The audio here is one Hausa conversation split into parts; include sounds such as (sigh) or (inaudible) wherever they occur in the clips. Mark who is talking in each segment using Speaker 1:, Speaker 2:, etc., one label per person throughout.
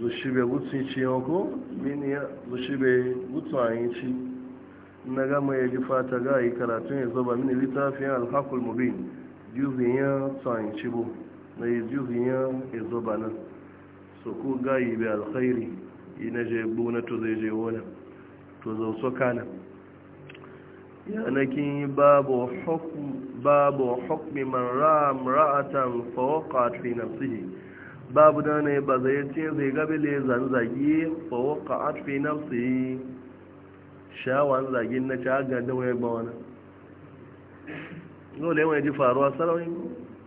Speaker 1: zushibe gutsi ci yanku mini zushibe gutsu a yin ci na gama ya ji fata ga yi karatun ya zaba mini littafin alhakul mubin juzin ya tsayin ci bu na yi juzin ya ya zaba nan so ku ga yi bai alkhairi yi na je bu na to zai je wani to zau so kana yanakin babu hukmi man ra'am ra'atan fawaqat fi nafsihi babu da ne ba zai ce zai gabi le zanzagi fa waka atfi nafsi shawan zagin na ci aga da waya ba wani da yawan ji faruwa sarari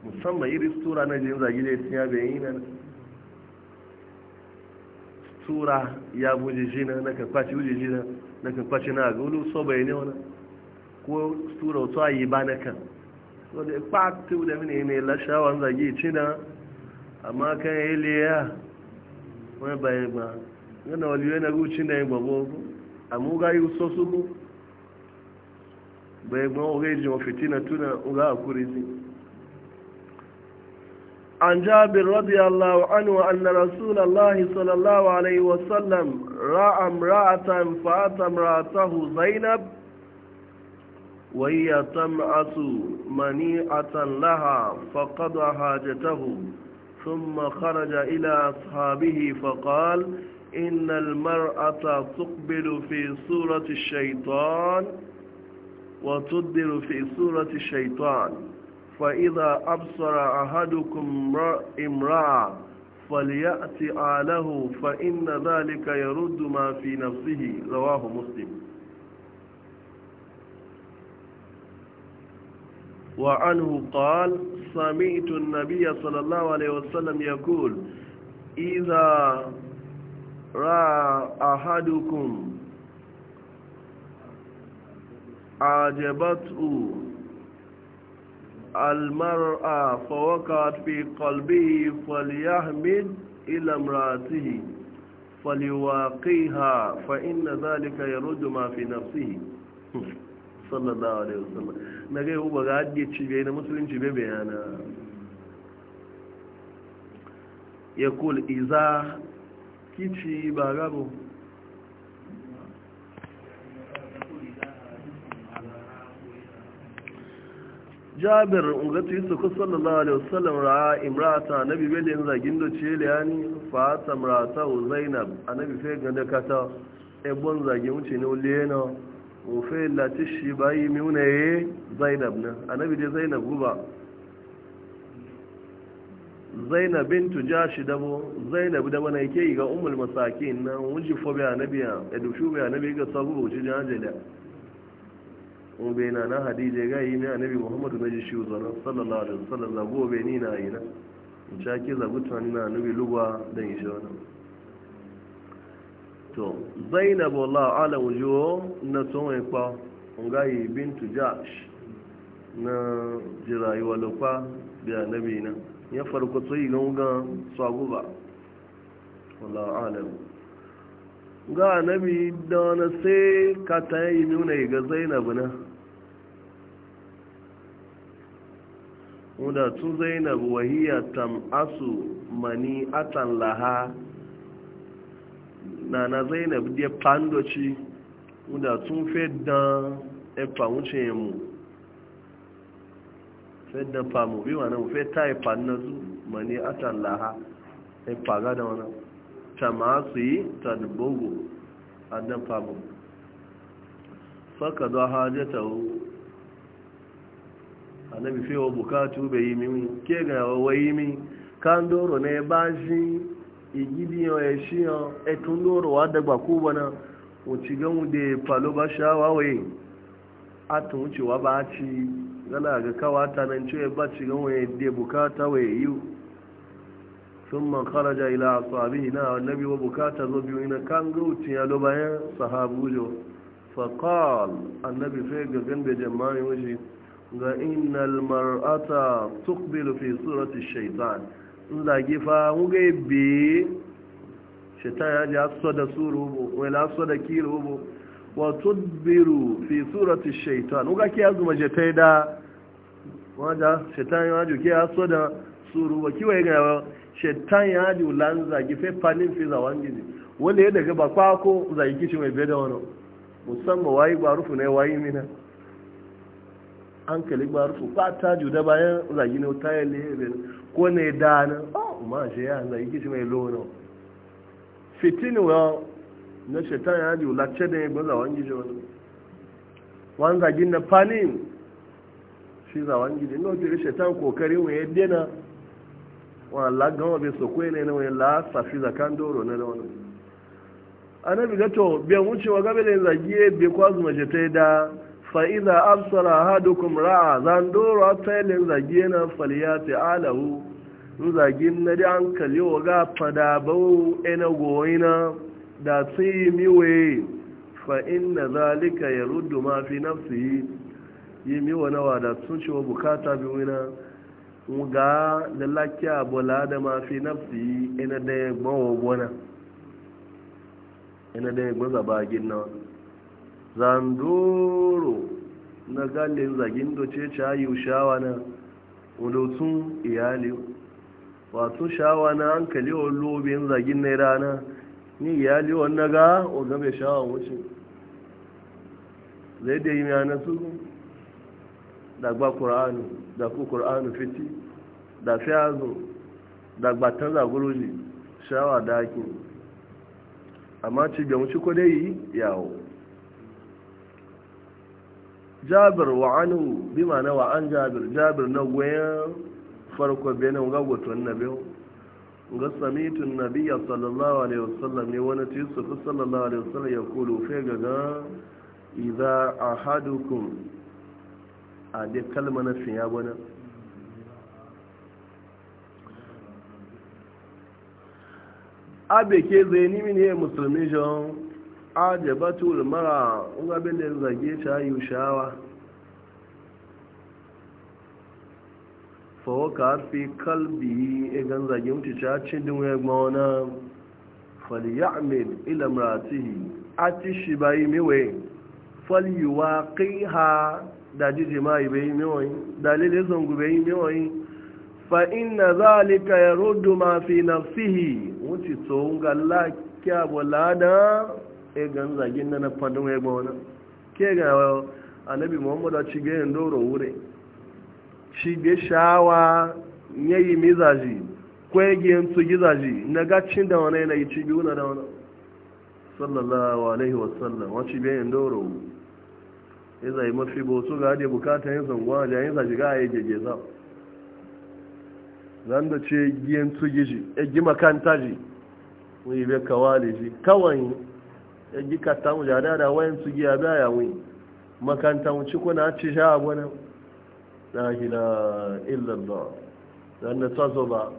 Speaker 1: musamman iri stura na jin zagi da tiya bai yi nan stura ya buji jina na kan buji jina na kan kwaci na gulu so bai ne wani ko stura wato a yi ba na kan dole kwatu da mini ne la shawan zagi ci amma kan yi liya wani bayan ba yana waliyo na rucin da yin gbogbo amma ga yi so su bu bayan ba oge jima fitina tuna ga a kurisi an jabir radiyallahu anhu anna rasulallahi sallallahu alaihi wasallam ra'am ra'atan fa'atam ra'atahu zainab وهي تمعة منيعة لها فقضى حاجته ثم خرج إلى أصحابه فقال إن المرأة تقبل في صورة الشيطان وتدبر في صورة الشيطان فإذا أبصر أحدكم امرأة فليأتي آله فإن ذلك يرد ما في نفسه رواه مسلم وعنه قال سمعت النبي صلى الله عليه وسلم يقول إذا رأى أحدكم أعجبته المرأة فوقعت في قلبه فليحمد إلى امرأته فليواقيها فإن ذلك يرد ما في نفسه صلى الله عليه وسلم na gaibu ba ga haɗe cibe na musulunci bai bayana ya kul iza kici ba gabo jabir ungatu yi suku sallallahu alaihi wasallam ra'a imrata nabi belin zagin da ce liyani fata imrata zainab a nabi fe ganda kata ebon zagin wuce ne ulena ofe lati shi bayi miuna ya zainab na annabi dai zainab guba zainab bintu jashi dabo zainab dabo na yake yi ga umul masaki na wuji fobe annabi ya edushu be annabi ga sabu wuci jajala obe na na hadije ga yi ne annabi muhammadu na ji shi zana sallallahu alaihi wasallam zago be ni na yi na in shaki zagutan na annabi lugwa don yi shi to zainab wallah ala wujo na tsohon ikpa ngayi bintu jash na jirayuwa lokwa da nabi na ya farko tsoyi ganga tsago ba wallah ala ga nabi da wani sai ka ta yi nuna ga zainab na wadda tun zainab wahiyar tam'asu mani atan laha nana zainab de pandoci e e da tun fẹ́ dán ẹpa ń ṣe pa mú bí wọn náà fẹ́ tá ẹpa náà tún mọ̀ ní àtàláha ẹpa gádà wọn náà tàmáàsì tàdùgbògbò pa mú fọ́kàdọ́ ha jẹ́ tàwó anábìfẹ́ wọ bùkátù bẹ̀ yí mímí kí ẹ̀gà wọ wa yimi. kándóró náà ne ń igidiyan eshiyan etun lorowa dagba bana. wuce ganwu da falo ba shawawaye atun wucewa ba ci gana ga kawata nan ce ba ci ganwu ya da bukata wa yi sun man kharaja ila asabihi na annabi wa bukata zo biyu na kan gautin ya lo bayan sahabu jo faqal annabi sai ga gambe jama'i wuce ga innal mar'ata tuqbilu fi surati shaitan zage fa mugai be shaitan ya ji aso da su rubo wai laso da ki rubo wa tudbiru fi surati shaitan muga ki azuma ta yi da wanda shaitan ya ji ki aso da su rubo kiwa wai ga shaitan ya ji lan zage fa panin fi zawan gizi wanda ya daga ba kwako zage kici mai be da wani musamman wayi ba rufu ne wayi mina hankali ba rufu ba ta da bayan zage ne ta yalle kone dana oh ma je ya na fitini wa na shetan ya ji lacce ne ba wangi je wanza wanda gin panin shi za wangi je no dire shetan kokari mu yadda na wa Allah ga wabe so ne na wani la safi zakan doro na wani anabi gato biyan wucewa gabe da zagi be kwazu maje da fa'iza amsara hadukum ra'a zan doro a zagi yana na faliyati alahu zagin na da an wa ga fadabau ina goyina da yi miwe fa'in na zalika ya ruddu mafi nafsi yi miwa nawa da sun ce wa bukata wina ga lalakiya bola da mafi nafsi ina da ya gbawa gona ina da ya gbaza bagin na zanduru na galin zagin doce cayi shawa na wulotun iyali wato shawa na hankali wa lobin zagin na rana ni iyali wanda ga oga mai shawa wuce zai da yi yana su dagba ƙura'anu da ku ƙura'anu fiti da azu dagba ta zaguruji shawa dakin amma ci gamci ko dai yawo jabir wa anu bi ma'ana wa an jabir jabir na goyon farko benin gagwatun na biyu ga samitun nabiya sallallahu alaihi wasallam ne wani tisufi sallallahu alaihi wasallam ya kulu fe gaga idza ahadukum a dai kalma na fiya wani abe ke zai nimi ne musulmi jan ajabatul mara unga bende zage ta yi shawa fawaka fi kalbi igan zage mutu ta cin din wayar mawana falyamil ila maratihi atishi bayi miwe falyuwaqiha da jiji mai bayi miwe dalilin zangu bayi miwe fa inna zalika yaruddu ma fi nafsihi mutu to unga la kya bolada e eh, gan zagin na na fadin ya gba wani ke ga annabi muhammadu a cige yin doro wure cige shawa ya yi mizaji kwegin su gizaji na gacin da wani yana yi cige wuna da wani sallallahu alaihi wasallam wani e cige yin doro wure ya zai mafi boso ga hade bukatar yin zangon da yin zaji ga ayi yi gege za zan da ce giyan su gizi e gima kanta ji wani ibe kawali ji kawai ya gi kata mu jada da wayan su giya ba ya wuyi makanta mu ci kuna ci sha gona la ilaha illallah dan na tsazo ba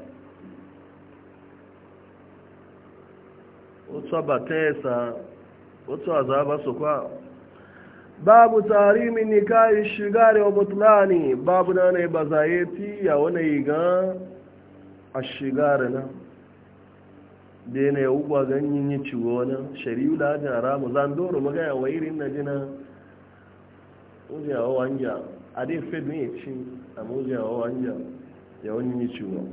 Speaker 1: wato ba ta yasa za ba su kwa babu tarimin nikahi shigari wa butlani babu na ne ba zaye ti ya wani ga a shigari nan da yana ugwa ganyen ya ci wani shari'u da hajjin Za zan doro magaya wa irin na jina ujiyawa wanja a dai fed ne ci a mujiyawa wanja ya wani ya ciwo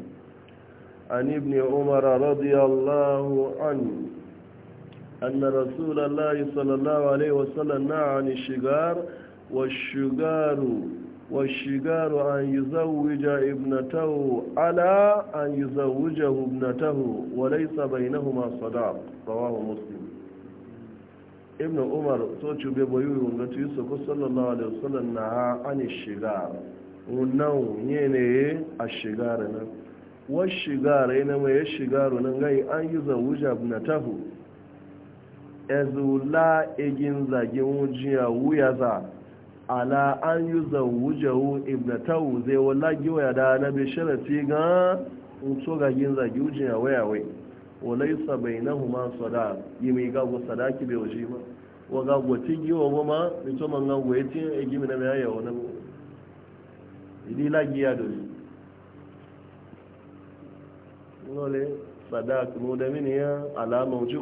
Speaker 1: an ibn umar radiyallahu an أن رسول sallallahu alaihi الله عليه وسلم نهى عن والشجار أن يزوج ابنته على أن يزوجه ابنته وليس بينهما صداق رواه مسلم ابن عمر سوچو بيبويو ونغتو يسوك صلى الله عليه وسلم نها عن الشجار ونو يني الشجار والشجار إنما يشجار ننغي أن يزوج ابنته ezula egin zagin wujiya wuya za ala an yi zawujahu ibnatahu zai wallagi waya da na bai sharafi ga so gagin zagi wujin a waya wai walai sabai na huma sada yi mai gago sadaki bai waje ma wa gago tigi wa goma mito man gago ya tiyan ya gimi na mai haya idi lagi ya dole lole da mini ya alama wuce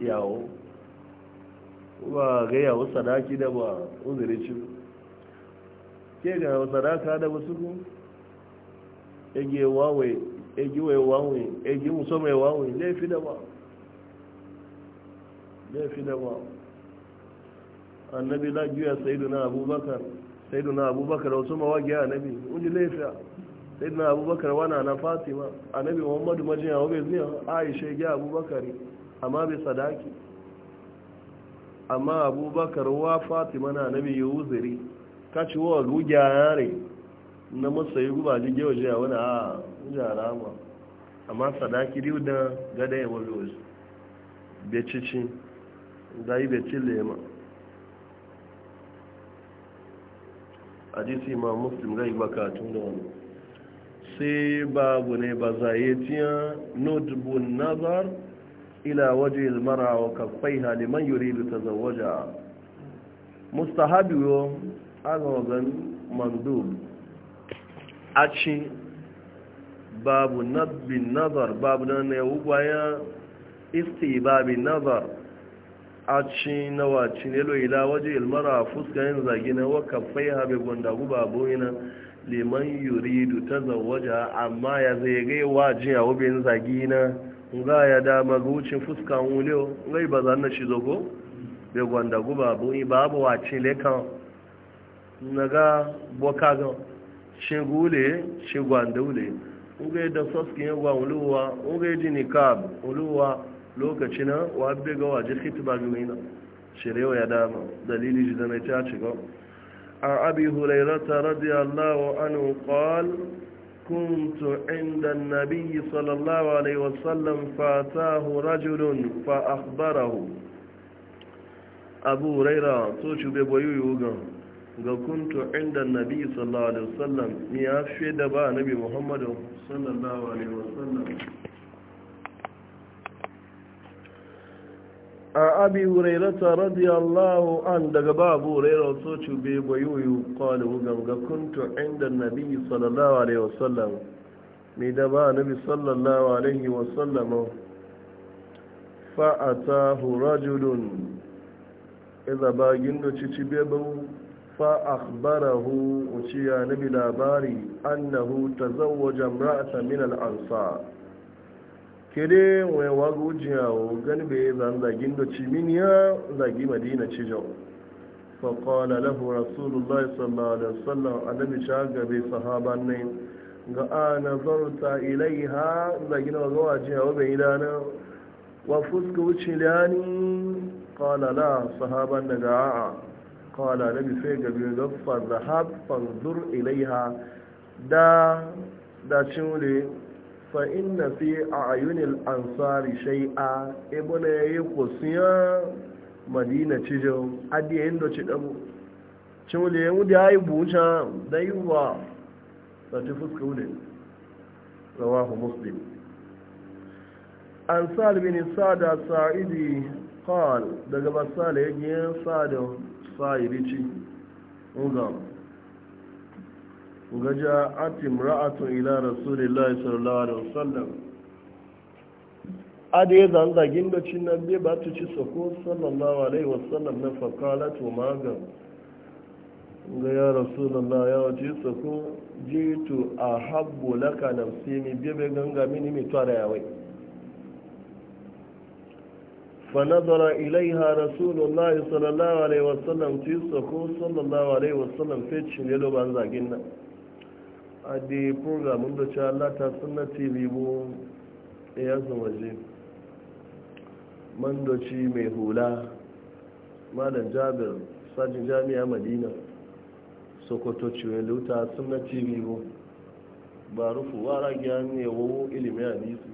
Speaker 1: yawo ba gaya wasu sadaki da ba uzuri ci ke ga wasu sadaka da wasu kun ege wawe ege wai wawe ege muso mai wawe laifi da ba laifi da ba annabi lajiya Saidu na abubakar na abubakar wasu mawagiya annabi unji laifi na abubakar wana na fatima annabi muhammadu majiya wabe zuwa aisha ya abubakari amma bai sadaki amma abubakar wa fatima na nabi ya wuziri ka ci wa guja yare na masayi guba ji gewa ji a wani ha ah, guja rama amma sadaki riu da gada ya wabi wasu becicin da yi becin lema a jisi ma muslim gai baka tun da wani sai babu ne ba zaye tiyan notable nazar ila waje ilmara wa kafaiha liman yuridu tazawwaja mustahabi yo aga wagan mandub aci babu nadbin nazar babu na ne ugwaya istibabi nazar aci na waci ne lo ila waje ilmara fuska yin zagi na wa kafaiha bai gwanda guba boyina liman yuridu tazawwaja amma ya zai gai wajiya wabin zagi na nga ya da wucin fuska wulewa ngai ba zan na shi zogo bai gwanda guba bu yi ba abu wacin lekan na ga boka gan shi gule shi gwanda wule ngai da soski ya gwa wuluwa ngai ji ni kab wuluwa lokaci na wa be ga waje gumi na? shirewa ya dama dalili ji da na ta ci gan an abi Hulairata radiyallahu anhu qala كنت عند النبي صلى الله عليه وسلم فاتاه رجل فأخبره أبو ريرا توشو ببويو يوغا كنت عند النبي صلى الله عليه وسلم يافشي دبا نبي محمد صلى الله عليه وسلم a abi hurairata radiyallahu an daga babu hurairar so cube bayoyi kwallo ganga kuntu inda nabi sallallahu alaihi wasallam mai da ba nabi sallallahu alaihi wasallam fa'atahu rajulun iza bagin da cici bebin fa'akbarahu wuciya nabi labari annahu ta zauwa jamra'ata min al'ansa kede wani wago wujiya wa gani bai zan zagin da ci zagi madina ci jau faƙala lahu rasulullah sallallahu alaihi wasallam annabi ta gabe sahaban ne ga ana zarta ilaiha zagin waga jiya wa bai idana wa fuska wuce lani ƙala la sahaban daga a'a ƙala nabi sai gabe ga fazahab fanzur ilaiha da da cin wuri fa inna fi ayunil ansari shay'a ya yi kusiya madina cijo adi indo ci dabu ya yamu da yi buca da yiwa wa sati fuska wude rawahu muslim ansar bin sada sa'idi qal daga basala yaji sada sa'idi ci ungam gaja atim ra'atun ila rasulillahi sallallahu alaihi wasallam ade zan zagin da cin nan bai ba ta ci sako sallallahu alaihi wasallam na fakalat wa maga ga ya rasulullah ya wace sako jitu a habbu laka nafsi mi bebe ganga mini mi tara فنظر إليها رسول الله صلى الله عليه وسلم تيسكو صلى الله عليه وسلم فيتشن يلو بانزا جنة a program programin da ce Allah ta suna tv bu e ya waje mandoci mai hula malam jabir sajin jami'a madina sokoto ciwe luta suna tv bu ba rufu wara gyan yawo ilimin hadisi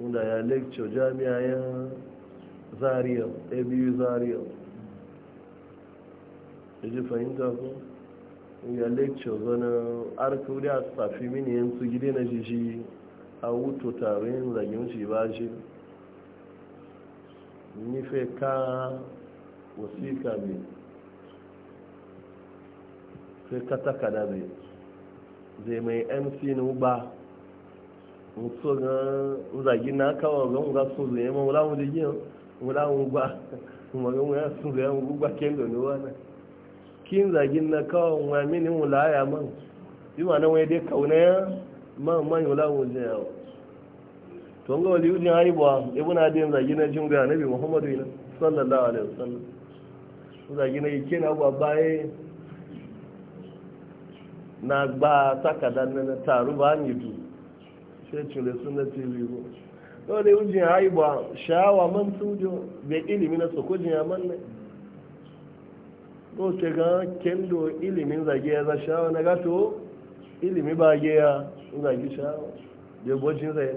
Speaker 1: wanda ya lecture jami'a ya zariya abu zariya ya e ji fahimta ko ya lecture zana arka wuri a safi mini yanzu gide na jiji a wuto tarin zagin shi ba shi nife ka wasika mai sai ka takada mai zai mai mc na ba mutu ga zagi na kawo ga nga so zai ma wula mu da giyan wula mu ba kuma (laughs) ga mu ya so zai mu gugba kendo ne wani kin zagin na kawon wa mini wula ya man bi ma nan wai dai kauna ya man man wula wula ya to ga wali ujin hari ba ibn adin zagin na jin ga nabi muhammadu ina sallallahu alaihi wasallam zagin na ike na ba baye na gba takadan na taru ba ni du sai cire sunna tv ko to da ujin hari ba shawa man tujo be ilimi na sokojin ya man ne to ke ga kendo ilimin zage ya za shawa na gato ilimi ba ge ya zage shawa da bocin zai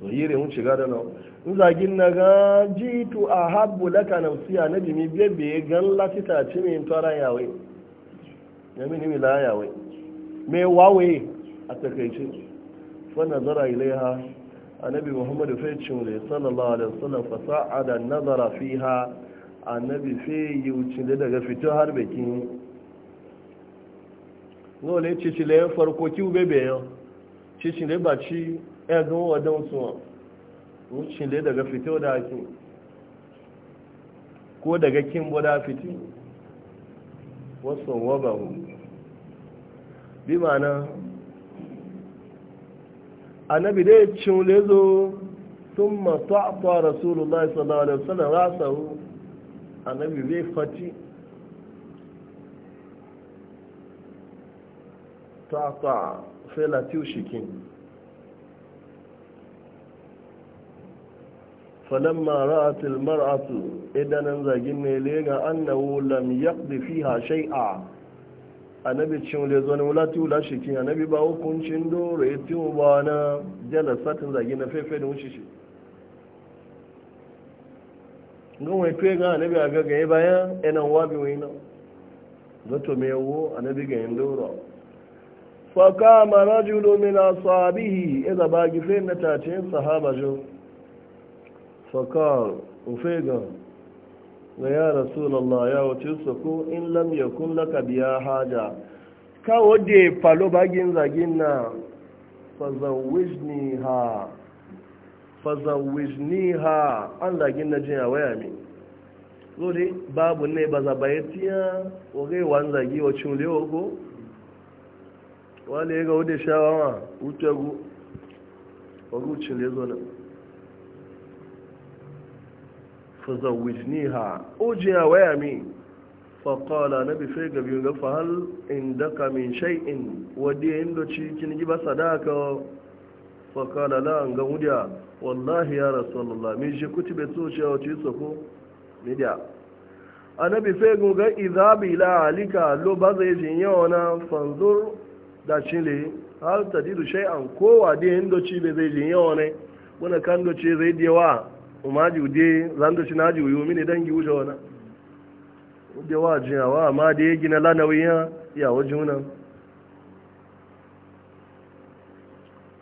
Speaker 1: to yi mun shiga da nan in zage na ga jitu a habbu laka nafsiya na jimi bebe gan lafita ci mai tara yawai ya mini mila yawai mai wawe a takaice fa nazara ilaiha annabi muhammadu fa cin sallallahu alaihi wasallam fa sa'ada nazara fiha annabi sai yi wucin daga fito har bakin nole cici da ya farko kiwu bebe yan da ba ci ẹgbẹ́ wadon suwa wucin daga fito da ake ko daga kin boda fiti wasu waba hu bi ma'ana annabi dai cin lezo sun masu a rasulullah sallallahu alaihi wasallam rasahu annabi zai fati ta ta felatiu shikin falamma ra'atul mar'atu idanan zagin ne lega annahu lam yaqdi fiha shay'a annabi cin le zo ne wulati wula shikin annabi ba hukuncin doro yatin ba na jalasatin zagin na fefe da wuce shi gan wai tuye ga anabi a ga gaye bayan yana wabi nan zato mai yawo anabi ga yin daura faka marajulu min asabihi iza e ba gife na tace sahaba jo faka ufe ga ga ya rasulallah ya wace su ko in lam yakun laka biya haja kawo de falo bagin zagin na fazan ni ha fazawijniha an zagin na jiya waya mi zuri babu ne ba za bayatiya wage wan zagi wa cin lewa ko wale ga wude shawawa utagu wagu cin le zo na fazawijniha o jiya waya mi faƙala na bife gabi ga fahal inda ka min shai'in wadda yin doci kin giba sadaka fakala la an ga wudiya wallahi ya rasulullah min shi kutibe tsoce wa so ko midiya annabi sai goga izabi la alika lo ba zai jin yawa na fanzur da chile har ta didu shay an wa da yando ci be zai jin yawa ne wani kan do ce zai dewa umaji ude zan do ci naji uyu mini dangi wuce wana ude wa jiyawa amma da ya gina lanawiya ya wajuna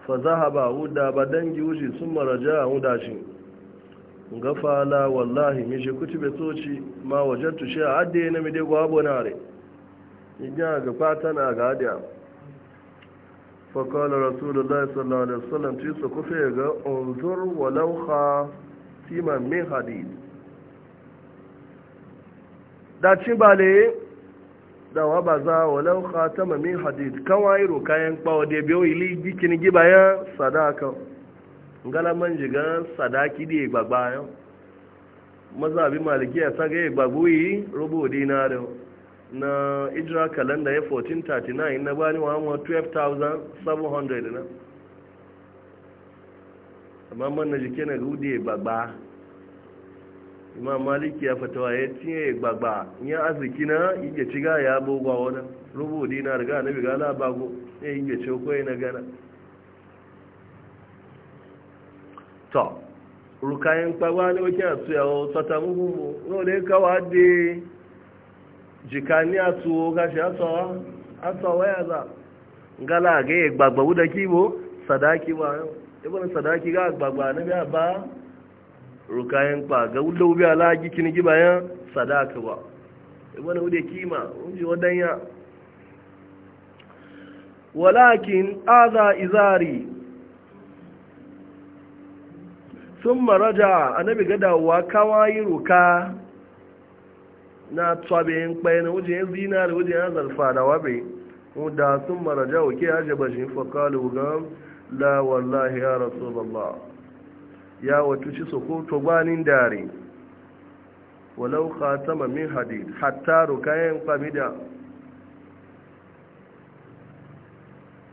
Speaker 1: fa zahaba huda ba dangi wuce sun maraja a huda shi gafala wallahi mi shi kuti bai soci ma wajen tushe a adde na mi dai gwabo na re ga fata na ga adiya fa kala rasulullahi sallallahu alaihi wasallam ga unzur walau kha siman min hadid da cin bale da wa ba za walau khatama min hadid kawai ro kayan kpawo da biyo ili giba ya sadaka ngala man jiga sadaki di gbagba ya maza bi maliki ya sage gbagbu yi robo dinaro na ijra kalanda ya 1439 na bani wa amma 12700 na amma man na jike na gude gbagba imam maliki ya fatawa ya cinye gbagba ya arziki na iya ci ga ya bugwa wani rubudi na riga na biga labago ya iya ce kwaye na gana To rukayen kpagba ne wake a tuyawo sata muhimmu role kawa de jikani a tuwo gashi asawa asawa ya za gala ga ya gbagba wuda kibo sadaki ba yau ibn sadaki ga gbagba na biya ba rukayen kwa ga wulau biya lagi kini gi bayan sadaka ba e wani wude kima wadan ya walakin aza izari sun maraja annabi wa kawai ruka na tsabayin kwaye na wajen zinari wajen zarfa da wabe da sun maraja wake ya jaba shi fakalu ga la wallahi ya rasu Allah ya watu ci soko to gwanin dare walau khatama min hadid hatta rukayen famida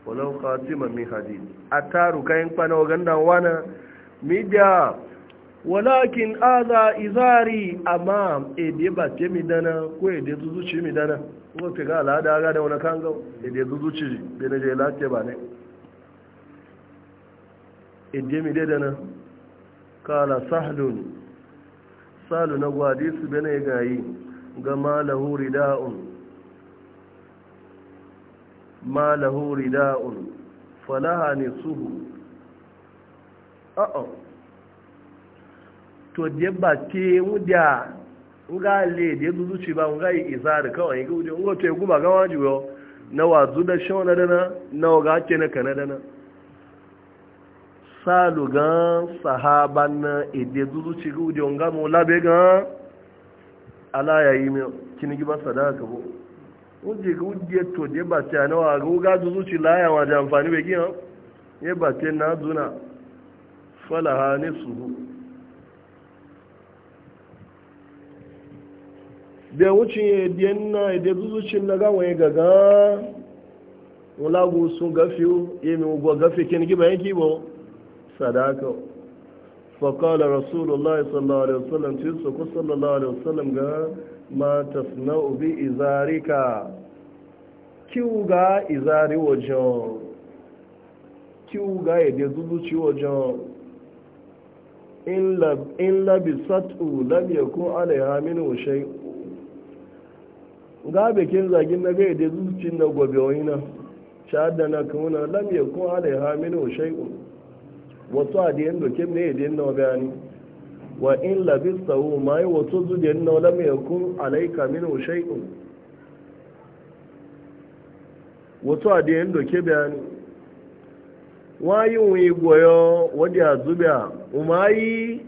Speaker 1: walau khatima min hadid hatta rukayen kwana ganda wana mida walakin aza izari amma ede ba ce midana ko ede zuzuci midana ko ta ga al'ada ga da wani kango ede zuzuci bene je lafiya ba ne ede midana kala sahlun salu na gwadi su bane gayi ga malahu rida'un malahu rida'un falaha ne suhu a'a to da ba ke wuda nga le da zuzuci ba nga yi izari kawai ga wuce nga to ya guba ga wajiyo na wazu da shauna dana na waga ake na kanadana salu gan sahaba na ede dudu ci gudi on gamu labe gan ala ya yi mi kini giba sadaka bo to de ba ta na wa ga ga dudu ci la ya wa da amfani be giyan ye ha ne su da na ede dudu ci na ga wani gaga wala go sadaka faƙala rasulullah sallallahu alaihi wasallam ci su ku sallallahu alaihi wasallam ga mata suna ubi izarika kiwu ga izari wajen kiwu ga yadda zuzuci wajen in labi sattu labi ya ku alaiha mini wushai ga bikin zagin na gaida zuzucin da gobe wani na shaɗa na kuna labi ya ku alaiha mini wushai wato a diyan dokin ne diyan nawa bayani wa in labistahu ma yi wato zu diyan nawa alaika yakun alayka minhu shay'un wato a diyan doke bayani wayi wi goyo wadi azubia umayi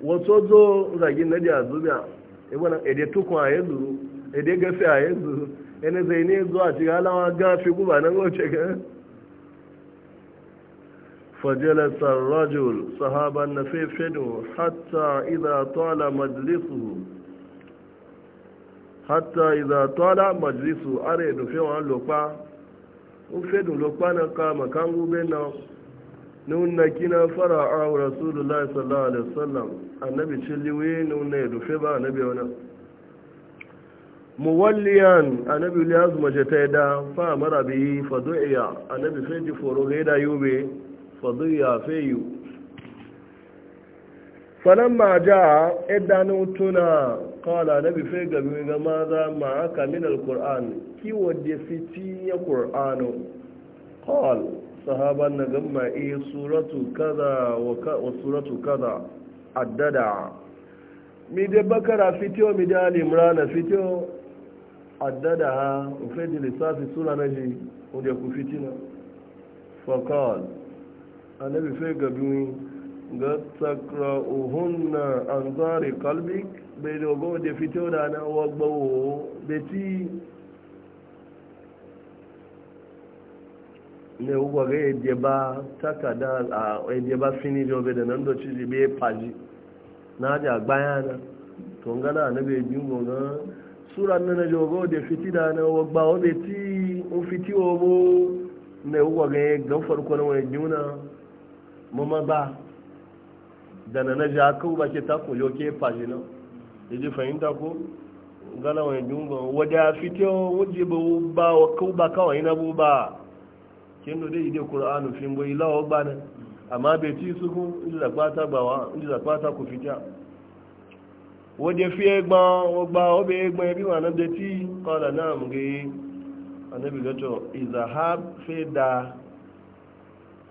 Speaker 1: wato zo zagin na di azubia ibana ede tukun a yanzu ede gafi a yanzu ene zai ne zuwa cikin alawa gafi guba nan wace فجلس الرجل صحابا نفيفنه حتى إذا طال مجلسه حتى إذا طال مجلسه أريد في عن لقاء وفيد لقاء نقام كان بينه نون نكينا فرعه رسول الله صلى الله عليه وسلم النبي تشلوي نون يدفي با النبي هنا موليا النبي لازم جتيدا فامر به فدعيا النبي فيجي فرغيدا يوبي fadiyya feyu falamma ja idanu tuna kala nabi fe game ga maza ma aka min alquran kiwo da fiti ya qur'ano qal sahaban na gama iya suratu kaza wa suratu kaza addada mi de bakara fito mi de ali imran fitiyo addada ha ufe di lissafi sura naji unde ku fitina faqal annabi fai gabi ga takra'uhunna an zari kalbik bai dogo da fito da na wagbawo da ti ne ugwa ga yadda ba takada a yadda ba fini jobe da nan doci jibe faji na ji na to ngana na bai jingo na sura nana jogo da fiti da na wagbawo da ti un fiti obo ne ugwa ga yadda farko na wani juna mama ba da na naja kawo ba ke tako yau ke faji nan da ji fahimta ko gana wani jumba wadda fito wajen ba ba wa kawo ba kawai na bu ba kin da dai ide qur'anu fin boyi lawo ba nan amma bai ci su ku inda da kwata ba wa inda da kwata ku fita wadda fi egbon ogba obe egbon bi wa nan da ti kọla na mu ga yi annabi gato izahab fe da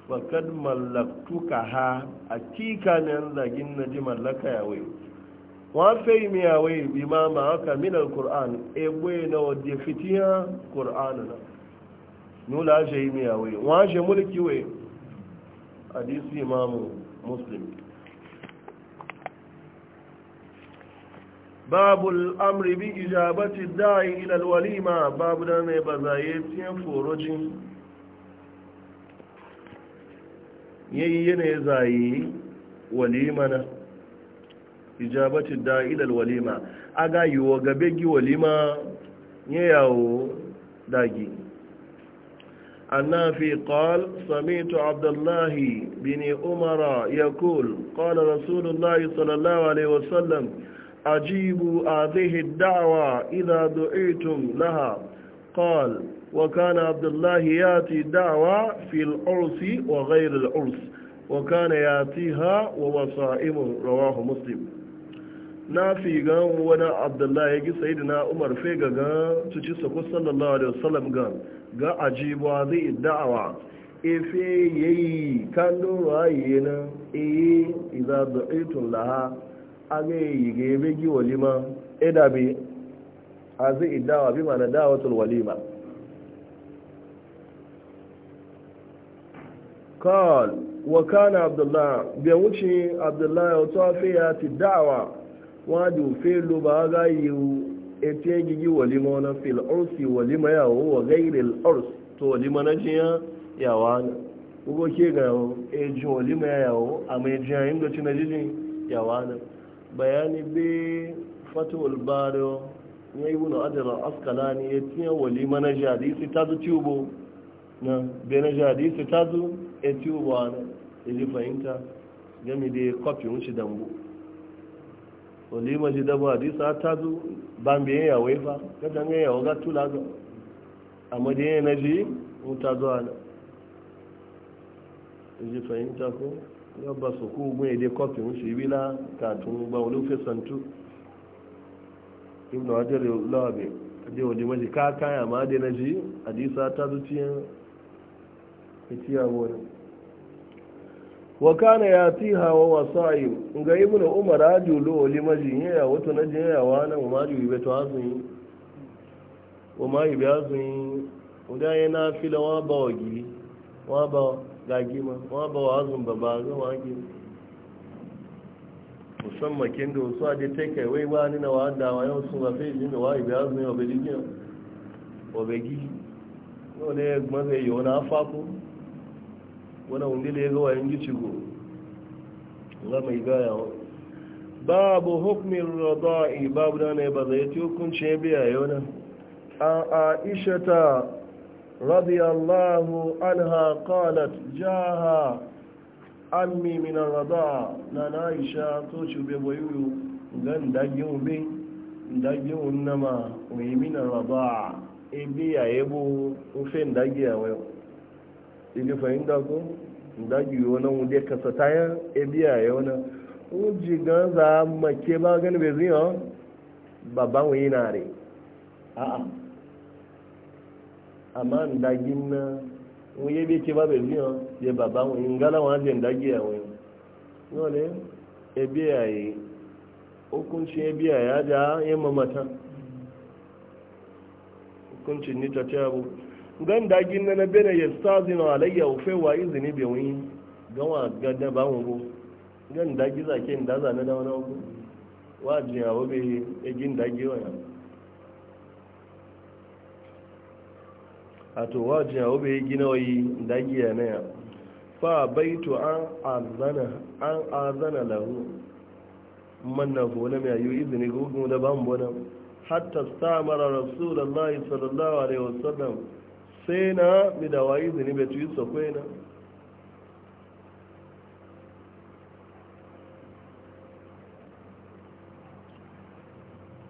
Speaker 1: fakad mallaktuka ha a ne zagin na ji mallaka yawai wọn fẹ́ imi yawai bi ma ma aka minar E, egbe na wadda fitiya ƙur'an na nula ṣe imi yawai wọn ṣe mulki wai hadisi imamu muslim babu الامر bi الداعي الى الوليمه باب babu da mai bazaye tiyan yayi yana ya zayi walima na ijabati da'ilal walima aga yiwo gabe gi walima ya yawo dagi annafi qal samitu abdullahi bin umara yaqul qala rasulullahi sallallahu alaihi wasallam ajibu adhihi ad-da'wa idha du'itum laha qal وكان عبد الله ياتي دعوة في العرس وغير العرس وكان ياتيها ووصائمه رواه مسلم نافي قام ونا عبد الله يجي سيدنا عمر فيقا قام تجيسكو صلى الله عليه وسلم قام قا عجيب هذه الدعوة إفي يي كان doro ayi na iyi iza da'itun laha aga yi ga ebe gi walima edabe a zai قال وكان عبد الله بيوشي عبد الله يطافي الدعوة وادو في لباغا يو اتيجي ولمونا في الأرس ولما يهو وغير الأرس تو لما نجيا يوانا ugo ke ga ejin walima ya yawo a mai jiya inda ci na jijin yawa na bayani be fatowar baro ya yi wuna ajiyar askalani ya tiya na e tuba wani iji fahimta gami da ya kwafi wunci dambu olima ji dabu hadisa ta zu ban biyan yawai fa ka danga yawa ga tula ga amma da yana ji muta zuwa na iji fahimta ko gaba su ku mu ya dai kwafi bila, ta katun ba wani fesantu ibn hajar lawabe da olima ji ka kaya ma da na ji a hadisa ta zuciya ìtíyàwó ne wa kana ya ti hawa na yi ga ibn umar aju lo oli ya wato na jin yawa na ma ju ibe to yi o ma ibe azun oda ya na fila wa ba ogi wa ba gagi ma wa ba azun baba ga wa musamman kin da wasu aje take wai ba ni na wa da wa yau sun ga fe jin wa ibe ya obedi ya obegi wani wunde da ya ga wayan gici go nga mai gaya wa babu hukumin rada'i babu da ne ba zai ti hukunci biya yau nan an aisha ta radiyallahu anha qalat jaha ammi min radaa na na aisha to shube boyu gan dagin be dagin nama mai min radaa ebi ayebo ofe ndagi awe ili fahimta ko dagi wani wunde kasa tayan ebiya ya wani wuji gan za make ba gani bai zina babban wani na re a'a amma dagin na wuye bai ke ba bai zina ya babban wani, ngala wani jen dagi ya wuyi yole ebiya yi hukuncin ebiya ya ja yin e mamata hukuncin ni ta ce abu ganda gina na bene ya na alayya ufe wa izini be wani gawa gada ba mu go ganda giza ke da za na da wani go wa jiya wa be e ginda wa ya ato wa jiya e wa be gina wai ya na ya fa baitu an azana an azana lahu man na go na me ayu izini go go da ba mu bona hatta samara rasulullahi sallallahu alaihi wasallam sai na mi da wayi zini bai tuyi sakwai na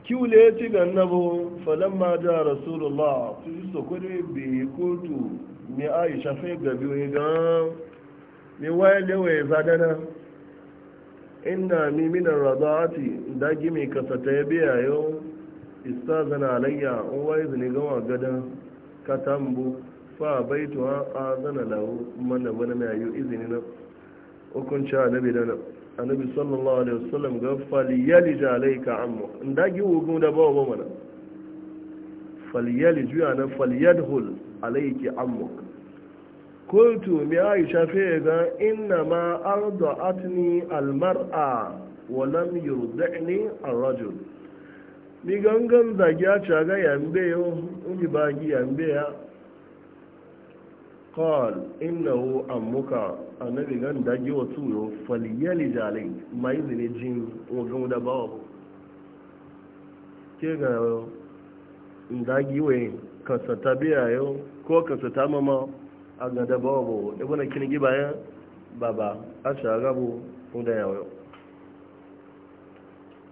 Speaker 1: kiwule ci ga annabo falamma ja rasulullah tuyi sakwai bi kotu mi aisha fai gabi wani gan mi waye lewaye zadana inna mi minar radati da gimi kasata ya biya yau istazana alayya in waye zini gama gadan katambu fa baitu ha azana lahu mana mana mai yi izini na hukunci annabi da annabi sallallahu alaihi wasallam ga faliyali jalaika ammu inda gi wugun da bawo ba mana faliyali juya na faliyadhul alayki ammu kultu mi aisha fe ga inna ma arda atni almar'a wa lam yurdani arrajul ni gangan zagi a ga yambe yau inji bagi yambe ya qal innahu ammuka annabi gan dagi wa tuyo faliyali jalai mai zine jin wagan da bawo ke ga ndagi we kasa biya yau ko kasa mama a ga da bawo kin gi baya baba a caga bu da yawo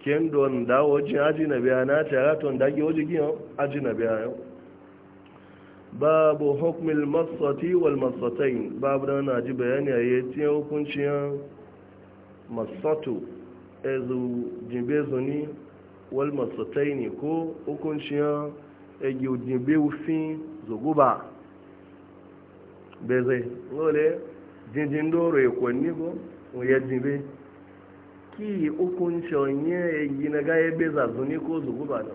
Speaker 1: kendon da wajen ajinabi a na taraton dage wajen giyan ajinabi a yau babu hukmil masati wal masatain babu da na ji bayani a yi tiyan ya matsato ezu jimbe zoni wal masatain ko hukuncin egi jimbe ufin zoguba beze nole jinjin doro ya kwanni ko ya jimbe ki hukunci onye yi na ga ebe za ko zuguba na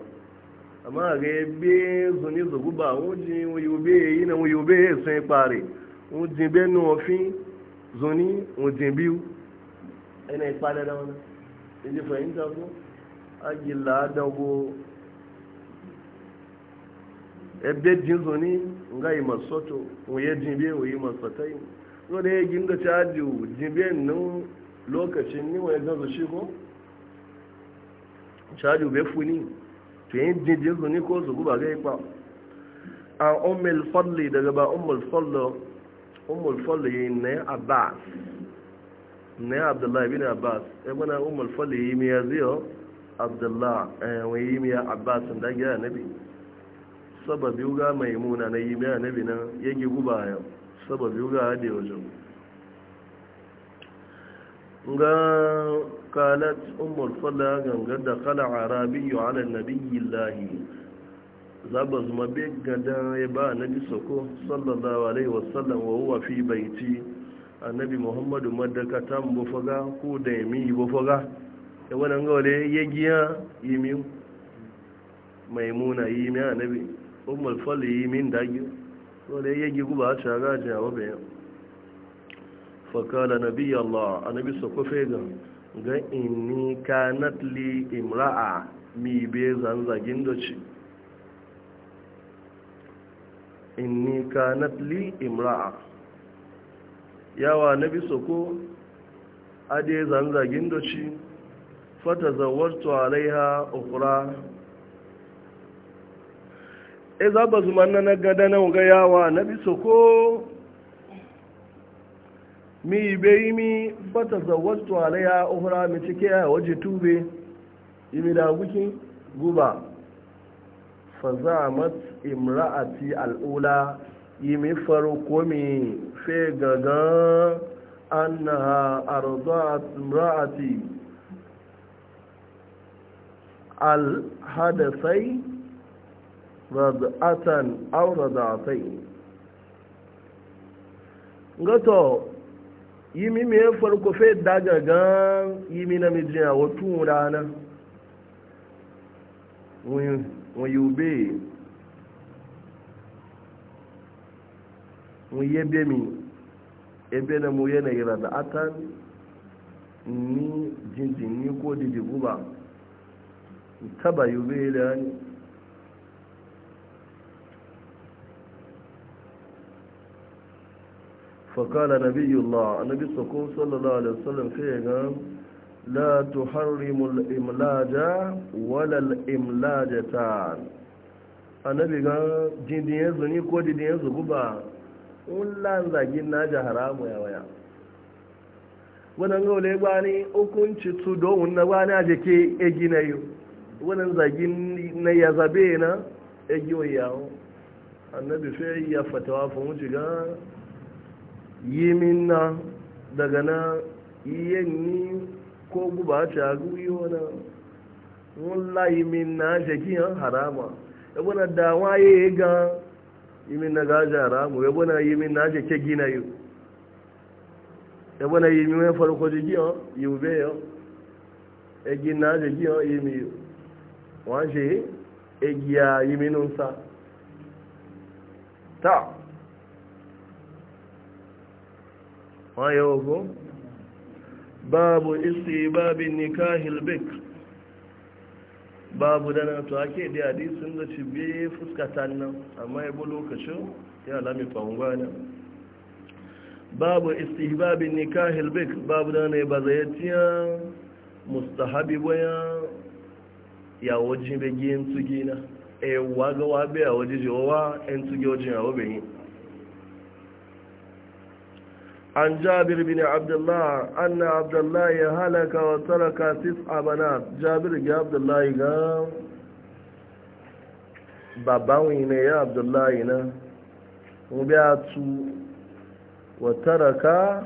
Speaker 1: amma ga ebe zuni zuguba wujin wuyube yi na wuyube sun pare wujin benu ofin zuni wujin biyu ina ipade da wani ili fahimta ko agila adago ebe jin zuni nga wuye jin biyu masotai ya ginga caji jin biyu lokacin ni wani zan shi ko shaju bai funi to yin jinjin su ni ko su guba gai kwa A umar fadli daga ba umar fadli umar fadli ne abbas ne abdullahi bin abbas ebe na umar fadli yi miya ziyo abdullahi e, wani yi miya abbas da gida nabi sababi ga maimuna na yi miya nabi na yage guba yau sababi ga hade wajen ga kalat umar fada ganga da kala arabiyu ala nabiyyi lahi zaba zuma be gada ya ba nabi soko sallallahu alaihi wasallam wa huwa fi baiti nabi muhammadu madaka ta bo faga ko da mi bo faga ya wani ga wale ya giya mi maimuna yi yimi annabi umar fali da dagi wale ya gi guba shaga ga bayan fakala nabi Allah annabi su kufe ga ga inni kanat li imra'a mi be zanzagin doci inni kanat li imra'a yawa nabi su ko ade zanzagin doci fata zawartu alaiha ukura e za ba zuma na gada na ga yawa nabi su ko mi bai mi fata zawattu alaya ohura mi cike a waje tube imi da guki guba fazamat imra'ati al'ula imi farko mi fe gaga annaha ardat imra'ati alhadasai radatan aw radatai gato yi mi me farko fe daga gan yi mi na mijin rana wọn yi mi ebe na mu yana yi rada atan ni jinjin ni ko didi guba taba yi da ni fakala nabiyullah annabi sako sallallahu alaihi wasallam sai ga la tuharrimul imlaja wala al imlajatan annabi ga jindin yanzu ni ko jindin yanzu guba ullan zagin na ji haramu ya waya wannan gaule gwani hukunci su don na gwani a jike egi na yi wannan zagin na ya zabe na egi wa yawo annabi sai ya fatawa fa mu shiga yi minna daga na ni ko guba ta guyi wani wula yi minna shakiyan harama yabona da waye ga yi minna gaja haramu yabona yi minna shake gina yi yabona yi minna farko jikiyan yi ube yau egi na jikiyan yi mi wọ́n ṣe egiya yi minunsa ta wayo go babu istibabin nikahil bikr babu dana to ake da hadisin da ci bi fuskatan nan amma ya lokacin ya lami fangwana babu istihbabin nikahil bikr babu dana ba tiya mustahabi waya ya wajin begin tugina e waga wabe a waje jewa en tugi wajin a wabe عن جابر بن عبد الله أن عبد الله هلك وترك تسع بنات جابر يا عبد الله قال babawin ne ya abdullahi na mubiatu wa taraka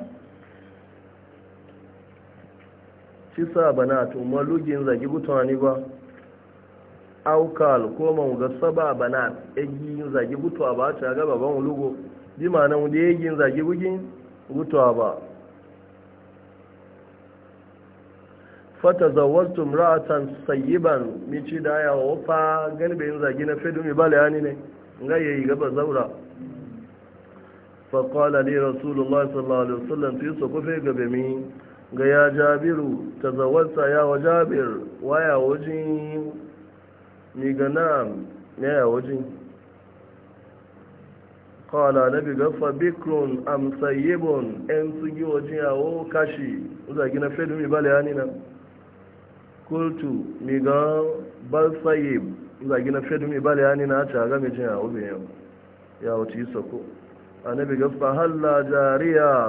Speaker 1: cisa banatu malugin zagi gutani ba aukal ko mawuga saba banat egin zagi gutu a ba ta gaba ban lugo bi ma nan da egin zagi gugin mutuwa ba fata zawartu ra'atan sayiban mici da ya wafa galibin zagi na fedu mai bala yani ne nga yayi gaba zaura faƙwala ne rasulullah sallallahu alaihi wasallam fi so kufe fe gabe mi ga ya jabiru zawarta ya wa jabir wa ya wajin mi ganam ya ya wajin kawala na biga fabiklon amsayibon yan tsugi wajen yawo kashi zagi na fedu mi bala na kultu mi ga balsayib zagi na fedu mi bala yani na ta ga mi jin yawo bayan yawo sako annabi ga fa jariya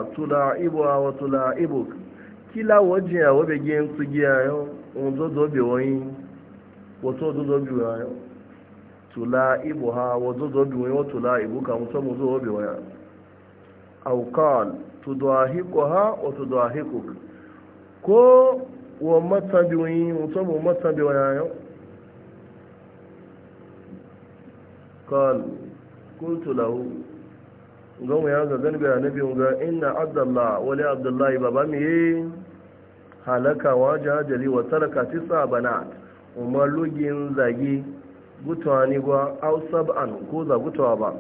Speaker 1: tula ibu ha wazo zo biyu wa tula ibu ka musa mu zo biyu ya aw tudahiku ha wa tudahiku ko wa mata biyu musa mu mata biyu ya qal qultu lahu gamu ya zagan biya na biyu ga inna abdullah wali abdullah baba mi halaka wa jajali wa taraka tisa banat umarlugin zagi gutuwa ne gwa ausab an ko za ba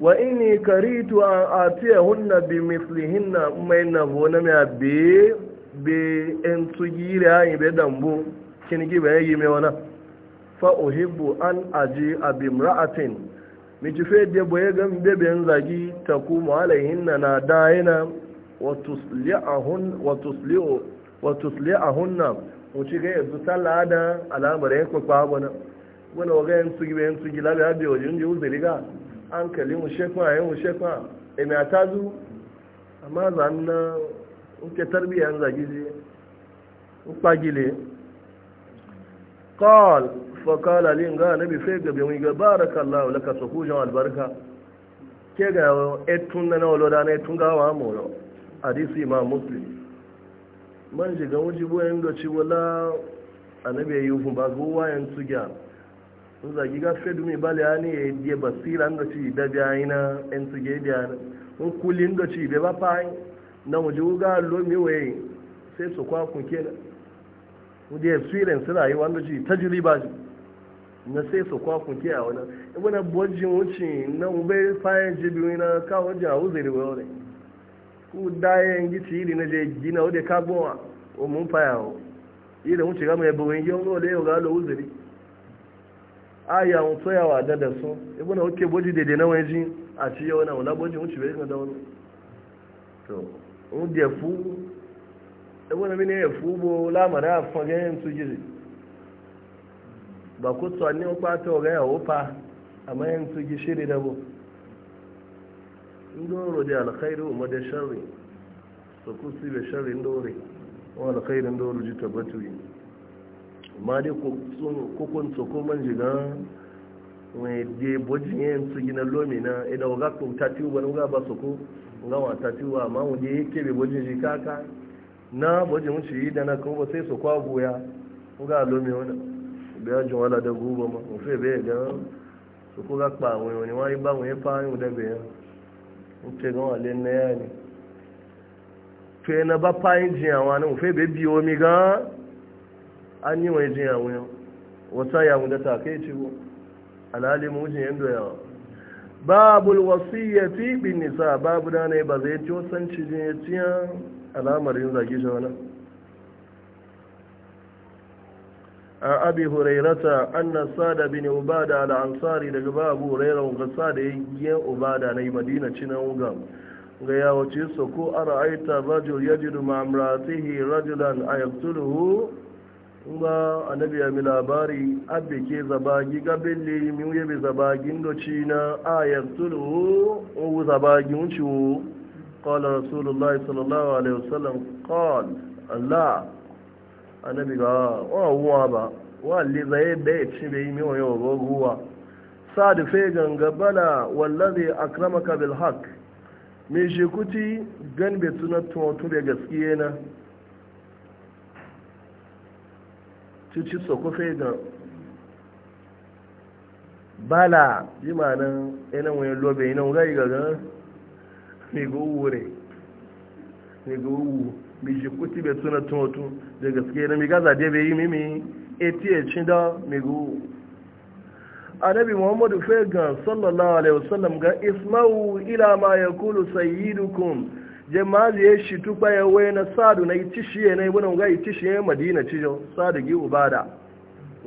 Speaker 1: wa inni karitu an atiya hunna bi mislihinna mai na bona mai be be en tugira yi be dambu kin gi be yi me wana fa uhibbu an aji abimra'atin mi fe de boye gam be ben zagi takumu alaihinna na da'ina wa tusli'ahun wa tusli'u wa tusli'ahunna mu ci ga yanzu sallah da al'amarin ku kwa bana wani waga yin tugi bai yin tugi labi abi wajen ji uzuri ga an kali mu shekwa yin mu shekwa e mai ta zu amma zan na nke tarbiya yan zagi ji kpagile qal fa qala lin ga nabi fe ga bi mu ga barakallahu laka jan albarka ke ga etun na wala da na etun ga wa mu lo hadisi ma muslim man ji ga wujibu yan a ci wala annabi yayi fun ba go wayan tuga zagi ga fedu mai bala ya ne ya diya basira da ci da biyayi na yan tuge da yana in kulin da ci bai ba fa na waje ga lomi waye sai su kwa kun kenan wanda experience rayuwa da ci tajriba ji na sai su kwa kun ke a wani ibu na bojin wuce na bai fayan jibi na kawo jin a uzuri wa wani ku dayan gici iri na je gina wadda ka goma o mun faya o iri wuce gama ya bawai yi wani wadda yau ga lo uzuri aya un tsoyawa da da so ibuna oke boji dede na wani a ci yau na wula boji wuce bai da wani to un da fu ibuna mini ya fu bo lamara fagayen su giri ba ku tsanni kwa ta ga ya amma yin su gishiri da bu ndoro dị alkhairu ma da sharri su kusi da sharri ndore ndoro ji tabbatu ma dai kukunta kuma jiga mai de bojin yin su gina lomina Ina waga ko tatiwa wani waga ba su ko ngawa tatiwa amma wanda ya kebe bojin shi kaka na bojin wuce yi da na kuma sai su kwa goya waga lomi wani biya jin wala da guba ma ofe bai ga su ko ga pa àwọn wani wani ba wani fa yin da bai n ce gan wale na ya ne to yana ba pa yin jin àwọn ofe bai biyo mi ga. an yi mai ya yawon wata ya muda ta kai ce alhali mujin yadda yawa ya fi bin nisa babu da ba zai ci wasan cijin ya ciya alamar yin zage shi wani a abi hurairata sa da bin ubada al ansari daga babu hurairah ga sada Uba ubada na madina cinan uga ga yawace su ko aita rajul yajidu ma amratihi rajulan ayaktuluhu a annabi ya mi labari abbe ke zabagi gabin ne mi wuye bi zabagin doci na ayar tulu o zabagin ciwo kala rasulullah sallallahu alaihi wasallam kal allah annabi ga wa wuwa ba wa le zaye da ya ci bai miwa yau ba sa da fe ganga bala wallazi akramaka bil haq me shi gan be tunatun to gaskiya gaskiye na Cici sokofe ga bala yi ma'anin yanan wani lobe yanan gai gaga mai ga mai ga wu mai shi kuti bai suna tunotu da gaske na mai gaza dai bai yi mimi atiyar e cin da mai ga wu annabi muhammadu fegan sallallahu alaihi wasallam ga isma'u ila ma ya kulu sayyidukum jama'a ya shi tukpa ya waye na sadu na itishi ya na ibu na nga itishi ya madina ci jau sadu gi ubada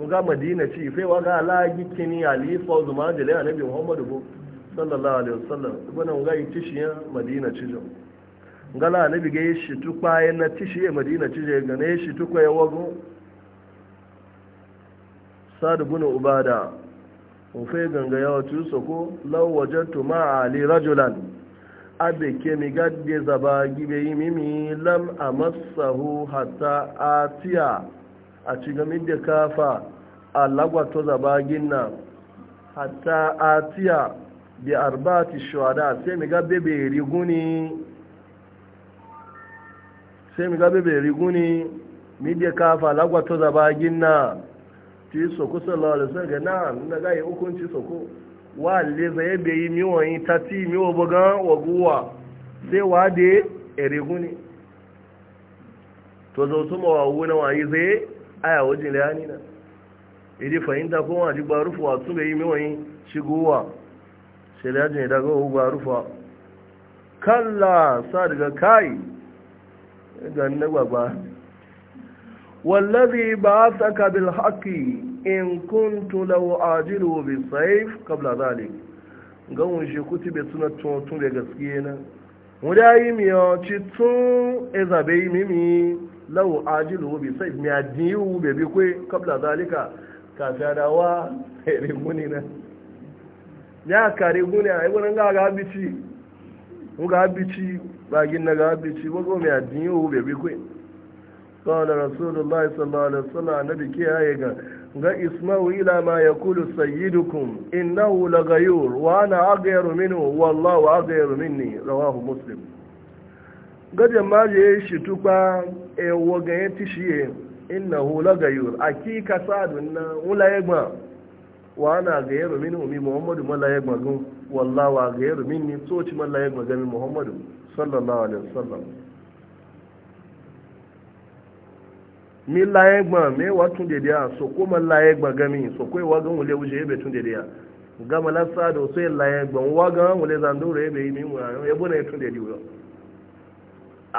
Speaker 1: nga madina ci fe wa ga ala gi kini alifa zuma jale anabi muhammadu bu sallallahu alaihi wasallam ibu na nga itishi ya madina ci jau nga la anabi ga ya shi tukpa ya na tishi ya madina ci jau ga na ya shi tukpa ya wago sadu bunu ubada ofe ganga ya wato soko law wajadtu ma ali rajulan abe ke mi gadde zaba gibe yi mimi lam a masahu hata atiya a cigami da kafa a lagwato zaba ginna hata atiya bi arbati shuhada sai mi gabe bai riguni sai mi gabe bai riguni mi da kafa lagwato zaba ginna ti soko sallallahu alaihi wasallam na na ga yi hukunci soko wa le zaye bai yi won yi ta ti miwa wo guwa sai wa de erihu ne to wa mawawu na yi zai aya wajen ani na idi fahimta ko wa ba rufu wa tun bai yi won yi shigowa ajin da daga wa rufu kalla sa daga kai e ga ne gwagwa wallazi ba a saka bil haƙi in kuntu law ajilu bi saif qabla zalik ga mun shi kutibe suna tun da gaskiye na muda yi mi yo ci tun ezabe mi mi law ajilu bi saif mi adiyu be bi kwe qabla zalika ka tarawa irin muni na ya kare guni ai wannan ga ga bici mu ga bici bagin na ga bici wago mi adiyu be bi kwe قال رسول الله صلى الله عليه وسلم نبي كي هاي ga isma'u ila ma ya kulu sayyidukum innahu la gayur wa ana agayaru minu wallahu agayaru minni rawahu muslim ga jama'a shi tukpa e woga ya tishiye innahu a ki ka sadun na wula yagba wa ana gayaru minu mi muhammadu mala yagba gun wallahu agayaru minni so ci mala yagba gami muhammadu sallallahu alaihi wasallam mi laye gba me wa tun de dia so ma laye gba gami so ko wa gan wule wuje be tun de dia gama la sa do so e laye gba wa gan wule zando re be mi mu ayo e bona tun de la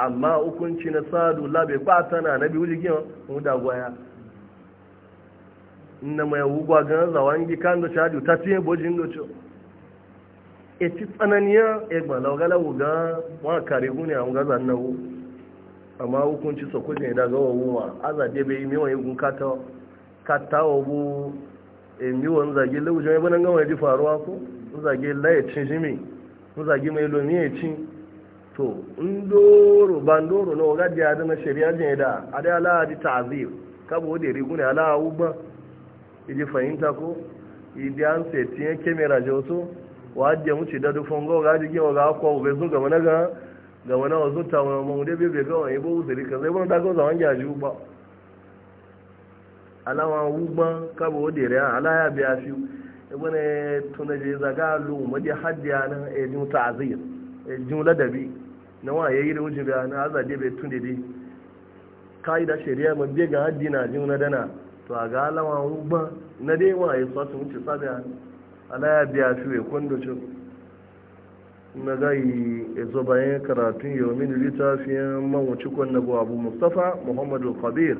Speaker 1: amma hukunci na sadu labe ba tana na bi wuje giyan mu da gwaya na mai wugwa gan zawangi kan do e gba lawgala wuga wa kare gune an amma hukunci so kujin da gawa wuwa aza de bai mi wani gun katawa kata wa bu emi wa nzage lewu lauje mai gama gawa ji faruwa ko nzage laye cin jimi nzage mai lomi ya cin to ndoro bandoro no ga dia da na shari'a jin da ada ala di ta'zib kabo rigu ne ala uba idi fahimta ko idi an se tiye kemera jauso wa dia mu ci da du fongo ga di ga ko be zo ga ga wani wasu ta wani mawude bebe ga wani bo usiri ka zai wani ta gauza wani gyaji ba alawa wugba kaba wadda rai ala ya biya fi ibn tuna je zaga lu madi hadiya na ejin eh, ta'zir ejin eh, ladabi na wa yayi da wujin biya na azade be tunde dai da shari'a mun biya ga hadina jin na dana to a ga alawa wugba na dai wa yayi sasu mutu sabiya ala ya biya fi kun do na zai zo bayan karatun yomin littafin mawucikon na abu mustapha muhammadu kabir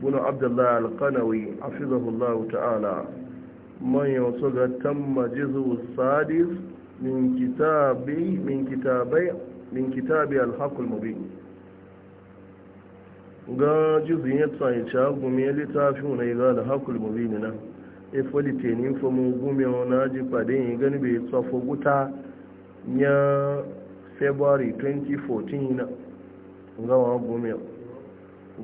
Speaker 1: bunu abdullahi alkanawi a fizahullahu ta'ala manyan su ga tamma jizu sadis min kitabi alhakul mubi ga jizu ya tsaye gumi littafin na iga da hakul ne na ifo litenin famu gumiyo na ji fadin gani bai tsofo guta ya february 2014 gawa gome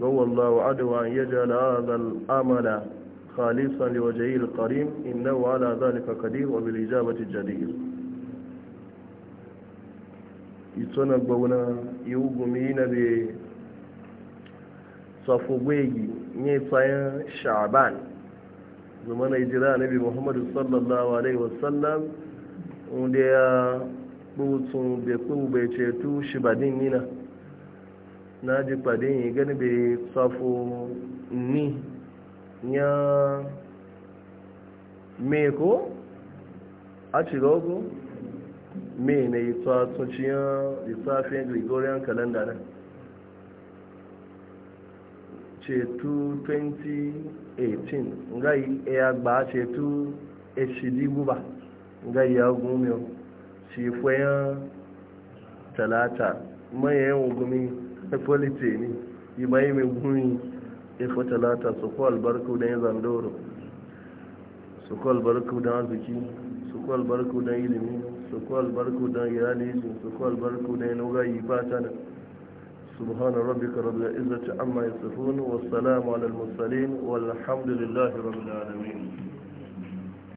Speaker 1: ga wallahu adawa ya jala azal amala khalisan li wajhi al-karim wa ala zalika kadir wa bil ijabati jadir itona iwu yugumi na be safugwegi ne tsayin sha'aban zama na ijira bi muhammadu sallallahu alaihi wasallam wanda ya butun bai kubu bai ceto shi nina na ji kwadin yi gani bai safo ya meko a cigogo me na yi tsatsociyar lissafin gregorian calendar nan chetụ 2018 ngai ya gba chetụ eshidi guba ngai ya gumiyo ci kwaya talata maye yawan gumi ta kwalite ne yi maye mai gumi efo talata su kuwa albarku don zandoro su kuwa albarku don arziki su kuwa albarku don ilimi su kuwa albarku don iyalisi su kuwa albarku don yi nuga yi fata da subhana rabbi ka rabbi izzati amma ya sufunu wasu salamu alal musalin walhamdulillahi rabbi alamin